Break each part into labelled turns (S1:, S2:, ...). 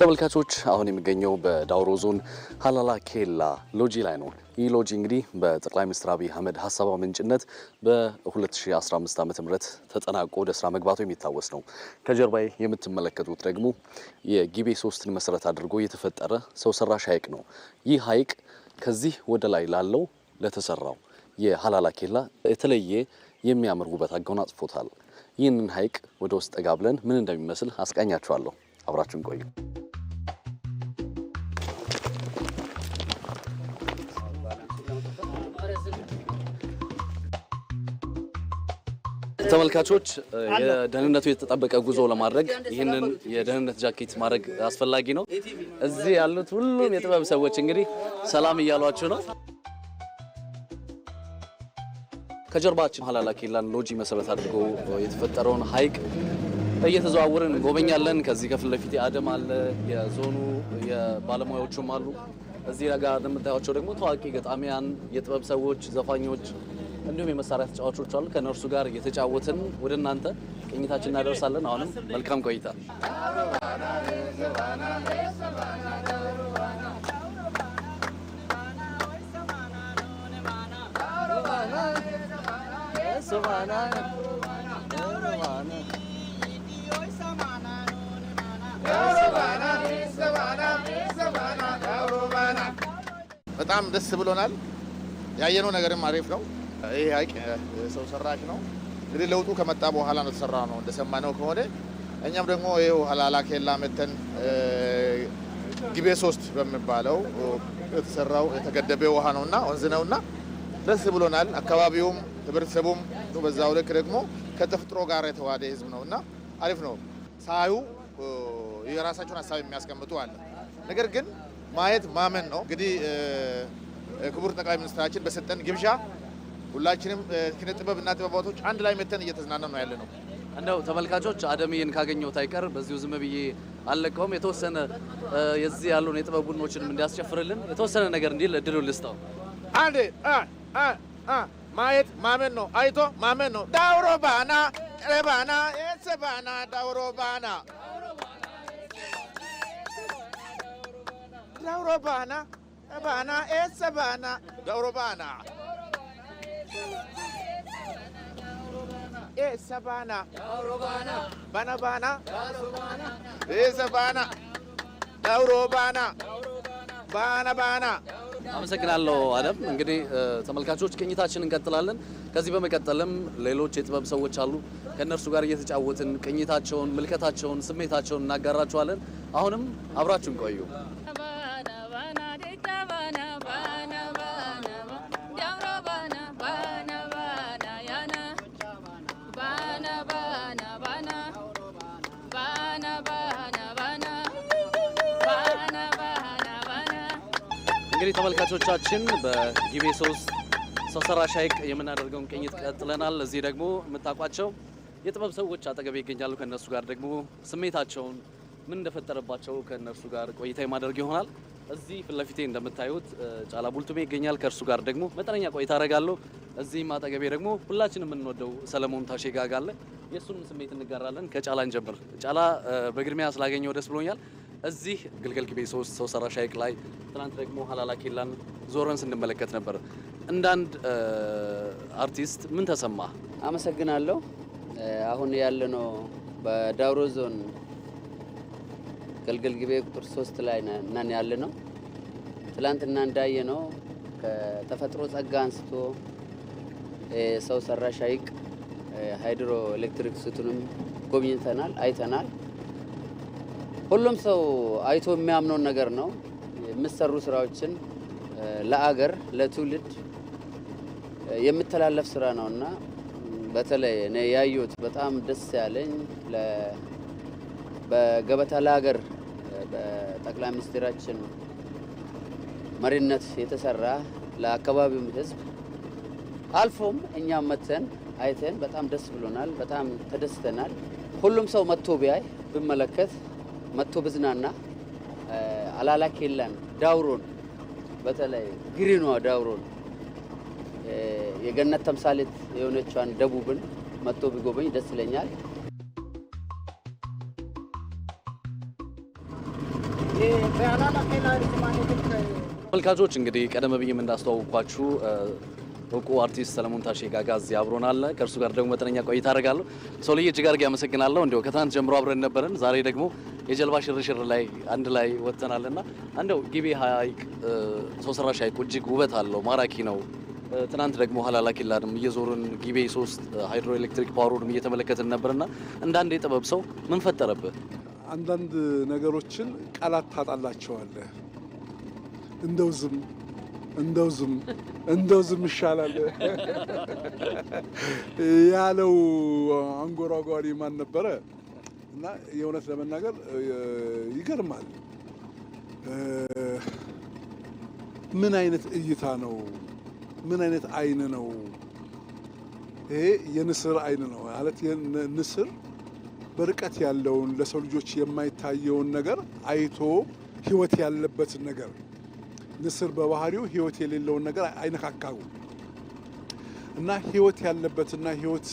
S1: ተመልካቾች አሁን የሚገኘው በዳውሮ ዞን ሀላላ ኬላ ሎጂ ላይ ነው። ይህ ሎጂ እንግዲህ በጠቅላይ ሚኒስትር አብይ አህመድ ሀሳብ አመንጭነት በ2015 ም ተጠናቆ ወደ ስራ መግባቱ የሚታወስ ነው። ከጀርባዬ የምትመለከቱት ደግሞ የጊቤ ሶስትን መሰረት አድርጎ የተፈጠረ ሰው ሰራሽ ሀይቅ ነው። ይህ ሀይቅ ከዚህ ወደ ላይ ላለው ለተሰራው የሀላላ ኬላ የተለየ የሚያምር ውበት አጎናጽፎታል። ይህንን ሀይቅ ወደ ውስጥ ጠጋ ብለን ምን እንደሚመስል አስቃኛችኋለሁ። አብራችን ቆዩ። ተመልካቾች የደህንነቱ የተጠበቀ ጉዞ ለማድረግ ይህንን የደህንነት ጃኬት ማድረግ አስፈላጊ ነው። እዚህ ያሉት ሁሉም የጥበብ ሰዎች እንግዲህ ሰላም እያሏችሁ ነው። ከጀርባችን ሀላላ ኬላን ሎጂ መሰረት አድርጎ የተፈጠረውን ሀይቅ እየተዘዋወርን እንጎበኛለን። ከዚህ ከፊት ለፊት አደም አለ፣ የዞኑ የባለሙያዎቹም አሉ። እዚህ ጋር እንደምታያቸው ደግሞ ታዋቂ ገጣሚያን፣ የጥበብ ሰዎች፣ ዘፋኞች እንዲሁም የመሳሪያ ተጫዋቾች አሉ። ከነርሱ ጋር እየተጫወትን ወደ እናንተ ቅኝታችን እናደርሳለን። አሁንም መልካም ቆይታ።
S2: በጣም ደስ ብሎናል። ያየነው ነገርም አሪፍ ነው። ይህ ሀይቅ ሰው ሰራሽ ነው። እንግዲህ ለውጡ ከመጣ በኋላ ነው የተሰራ ነው እንደሰማነው ከሆነ እኛም ደግሞ ይህ ሀላላ ኬላ መተን ግቤ ሶስት በሚባለው የተሰራው የተገደበ ውሃ ነውና ወንዝ ነውና ደስ ብሎናል። አካባቢውም ህብረተሰቡም በዛው ልክ ደግሞ ከተፈጥሮ ጋር የተዋደ ህዝብ ነው እና አሪፍ ነው። ሳዩ የራሳቸውን ሀሳብ የሚያስቀምጡ አለ። ነገር ግን ማየት ማመን ነው። እንግዲህ ክቡር ጠቅላይ ሚኒስትራችን በሰጠን ግብዣ ሁላችንም ኪነ ጥበብ እና ጥበባቶች አንድ ላይ መተን እየተዝናና ነው ያለ ነው።
S1: እንደው ተመልካቾች አደምዬን ካገኘሁት አይቀር በዚሁ ዝም ብዬ አለቀውም። የተወሰነ የዚህ ያሉን የጥበብ ቡድኖችንም እንዲያስጨፍርልን የተወሰነ ነገር እንዲል እድሉ ልስጠው።
S2: አንድ ማየት ማመን ነው፣ አይቶ ማመን ነው። ዳውሮ ባና የሰ ባና ዳውሮ ባና ዳውሮ ባና ባና የሰ ባና ዳውሮ ባና Esa bana. Bana bana. Esa bana. ዳውሮ ባና ባና ባና።
S1: አመሰግናለሁ አለም። እንግዲህ ተመልካቾች ቅኝታችን እንቀጥላለን። ከዚህ በመቀጠልም ሌሎች የጥበብ ሰዎች አሉ። ከእነርሱ ጋር እየተጫወትን ቅኝታቸውን፣ ምልከታቸውን፣ ስሜታቸውን እናጋራችኋለን። አሁንም አብራችሁን ቆዩ። እንግዲህ ተመልካቾቻችን በጊቤ ሶስት ሰው ሰራሽ ሐይቅ የምናደርገውን ቅኝት ቀጥለናል። እዚህ ደግሞ የምታውቋቸው የጥበብ ሰዎች አጠገብ ይገኛሉ። ከእነሱ ጋር ደግሞ ስሜታቸውን ምን እንደፈጠረባቸው ከእነርሱ ጋር ቆይታ የማደርግ ይሆናል። እዚህ ፊት ለፊቴ እንደምታዩት ጫላ ቡልቱሜ ይገኛል። ከእርሱ ጋር ደግሞ መጠነኛ ቆይታ አደርጋለሁ። እዚህም አጠገቤ ደግሞ ሁላችን የምንወደው ሰለሞን ታሼጋ ጋር የእሱንም ስሜት እንጋራለን። ከጫላ እንጀምር። ጫላ፣ በግድሚያ ስላገኘው ደስ ብሎኛል። እዚህ ግልገል ግቤ ሶስት ሰው ሰራሽ ሐይቅ ላይ ትናንት ደግሞ ሀላላ ኬላን ዞረን ስንመለከት ነበር። እንዳንድ አርቲስት ምን ተሰማ?
S3: አመሰግናለሁ። አሁን ያለነው በዳውሮ ዞን ግልገል ግቤ ቁጥር ሶስት ላይ ነን ያለነው። ትላንትና እንዳየ ነው ከተፈጥሮ ጸጋ አንስቶ ሰው ሰራሽ ሐይቅ ሃይድሮ ኤሌክትሪክ ስቱንም ጎብኝተናል፣ አይተናል። ሁሉም ሰው አይቶ የሚያምነው ነገር ነው የምትሰሩ ስራዎችን ለአገር ለትውልድ የምተላለፍ ስራ ነው እና በተለይ እኔ ያየሁት በጣም ደስ ያለኝ በገበታ ለሀገር በጠቅላይ ሚኒስትራችን መሪነት የተሰራ ለአካባቢውም ሕዝብ አልፎም እኛም መተን አይተን በጣም ደስ ብሎናል። በጣም ተደስተናል። ሁሉም ሰው መጥቶ ቢያይ ብመለከት መጥቶ ብዝናና አላላ ዳውሮን በተለይ ግሪኗ ዳውሮን የገነት ተምሳሌት የሆነቿን ደቡብን መጥቶ ቢጎበኝ ደስ ይለኛል።
S1: ተመልካቾች እንግዲህ ቀደም ብዬም እንዳስተዋውኳችሁ እውቁ አርቲስት ሰለሞን ታሼ ጋጋ እዚህ አብሮናል። ከእርሱ ጋር ደግሞ መጠነኛ ቆይታ አደርጋለሁ። ሰው ልይ እጅግ አድርጌ አመሰግናለሁ። እንዲያው ከትናንት ጀምሮ አብረን ነበረን። ዛሬ ደግሞ የጀልባ ሽርሽር ላይ አንድ ላይ ወጥተናል እና እንደው ጊቤ ሀይቅ ሰው ሰራሽ ሀይቁ እጅግ ውበት አለው፣ ማራኪ ነው። ትናንት ደግሞ ሀላላ ኪላንም እየዞርን ጊቤ ሶስት ሃይድሮ ኤሌክትሪክ ፓወሩንም እየተመለከትን ነበርና እንዳንድ የጥበብ ሰው ምን ፈጠረብህ?
S4: አንዳንድ ነገሮችን ቃላት ታጣላቸዋለህ። እንደው ዝም እንደው ዝም እንደው ዝም ይሻላል ያለው አንጎራጓሪ ማን ነበረ? እና የእውነት ለመናገር ይገርማል። ምን አይነት እይታ ነው? ምን አይነት አይን ነው? ይሄ የንስር አይን ነው ማለት ንስር በርቀት ያለውን ለሰው ልጆች የማይታየውን ነገር አይቶ ህይወት ያለበትን ነገር ንስር በባህሪው ህይወት የሌለውን ነገር አይነካካው እና ህይወት ያለበትና ህይወት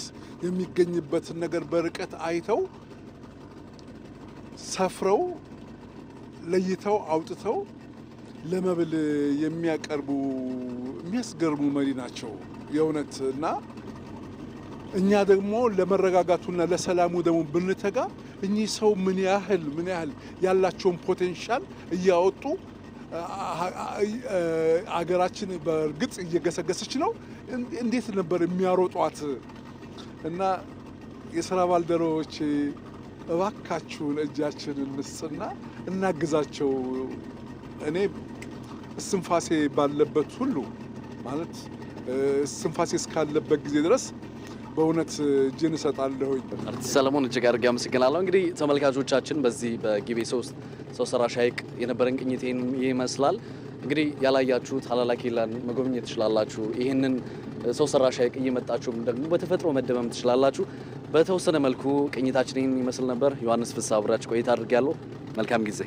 S4: የሚገኝበትን ነገር በርቀት አይተው ሰፍረው ለይተው አውጥተው ለመብል የሚያቀርቡ የሚያስገርሙ መሪ ናቸው የእውነት እና እኛ ደግሞ ለመረጋጋቱና ለሰላሙ ደግሞ ብንተጋ እኚህ ሰው ምን ያህል ምን ያህል ያላቸውን ፖቴንሻል እያወጡ አገራችን በእርግጥ እየገሰገሰች ነው። እንዴት ነበር የሚያሮጧት እና የስራ ባልደረቦቼ እባካችሁን እጃችንን ንስና እናግዛቸው። እኔ ስንፋሴ ባለበት ሁሉ ማለት እስንፋሴ እስካለበት ጊዜ ድረስ በእውነት እጅን እሰጣለሁኝ።
S1: አርቲስት ሰለሞን እጅግ አድርጌ አመሰግናለሁ። እንግዲህ ተመልካቾቻችን በዚህ በጊቤ ሶስት ሰው ሰራሽ ሐይቅ የነበረን ቅኝት ይመስላል። እንግዲህ ያላያችሁት ሀላላ ኬላን መጎብኘት ትችላላችሁ። ይህንን ሰው ሰራሽ ሐይቅ እየመጣችሁም ደግሞ በተፈጥሮ መደመም ትችላላችሁ። በተወሰነ መልኩ ቅኝታችንን ይመስል ነበር። ዮሐንስ ፍስሐ አብራችሁ ቆይታ አድርጌያለሁ። መልካም ጊዜ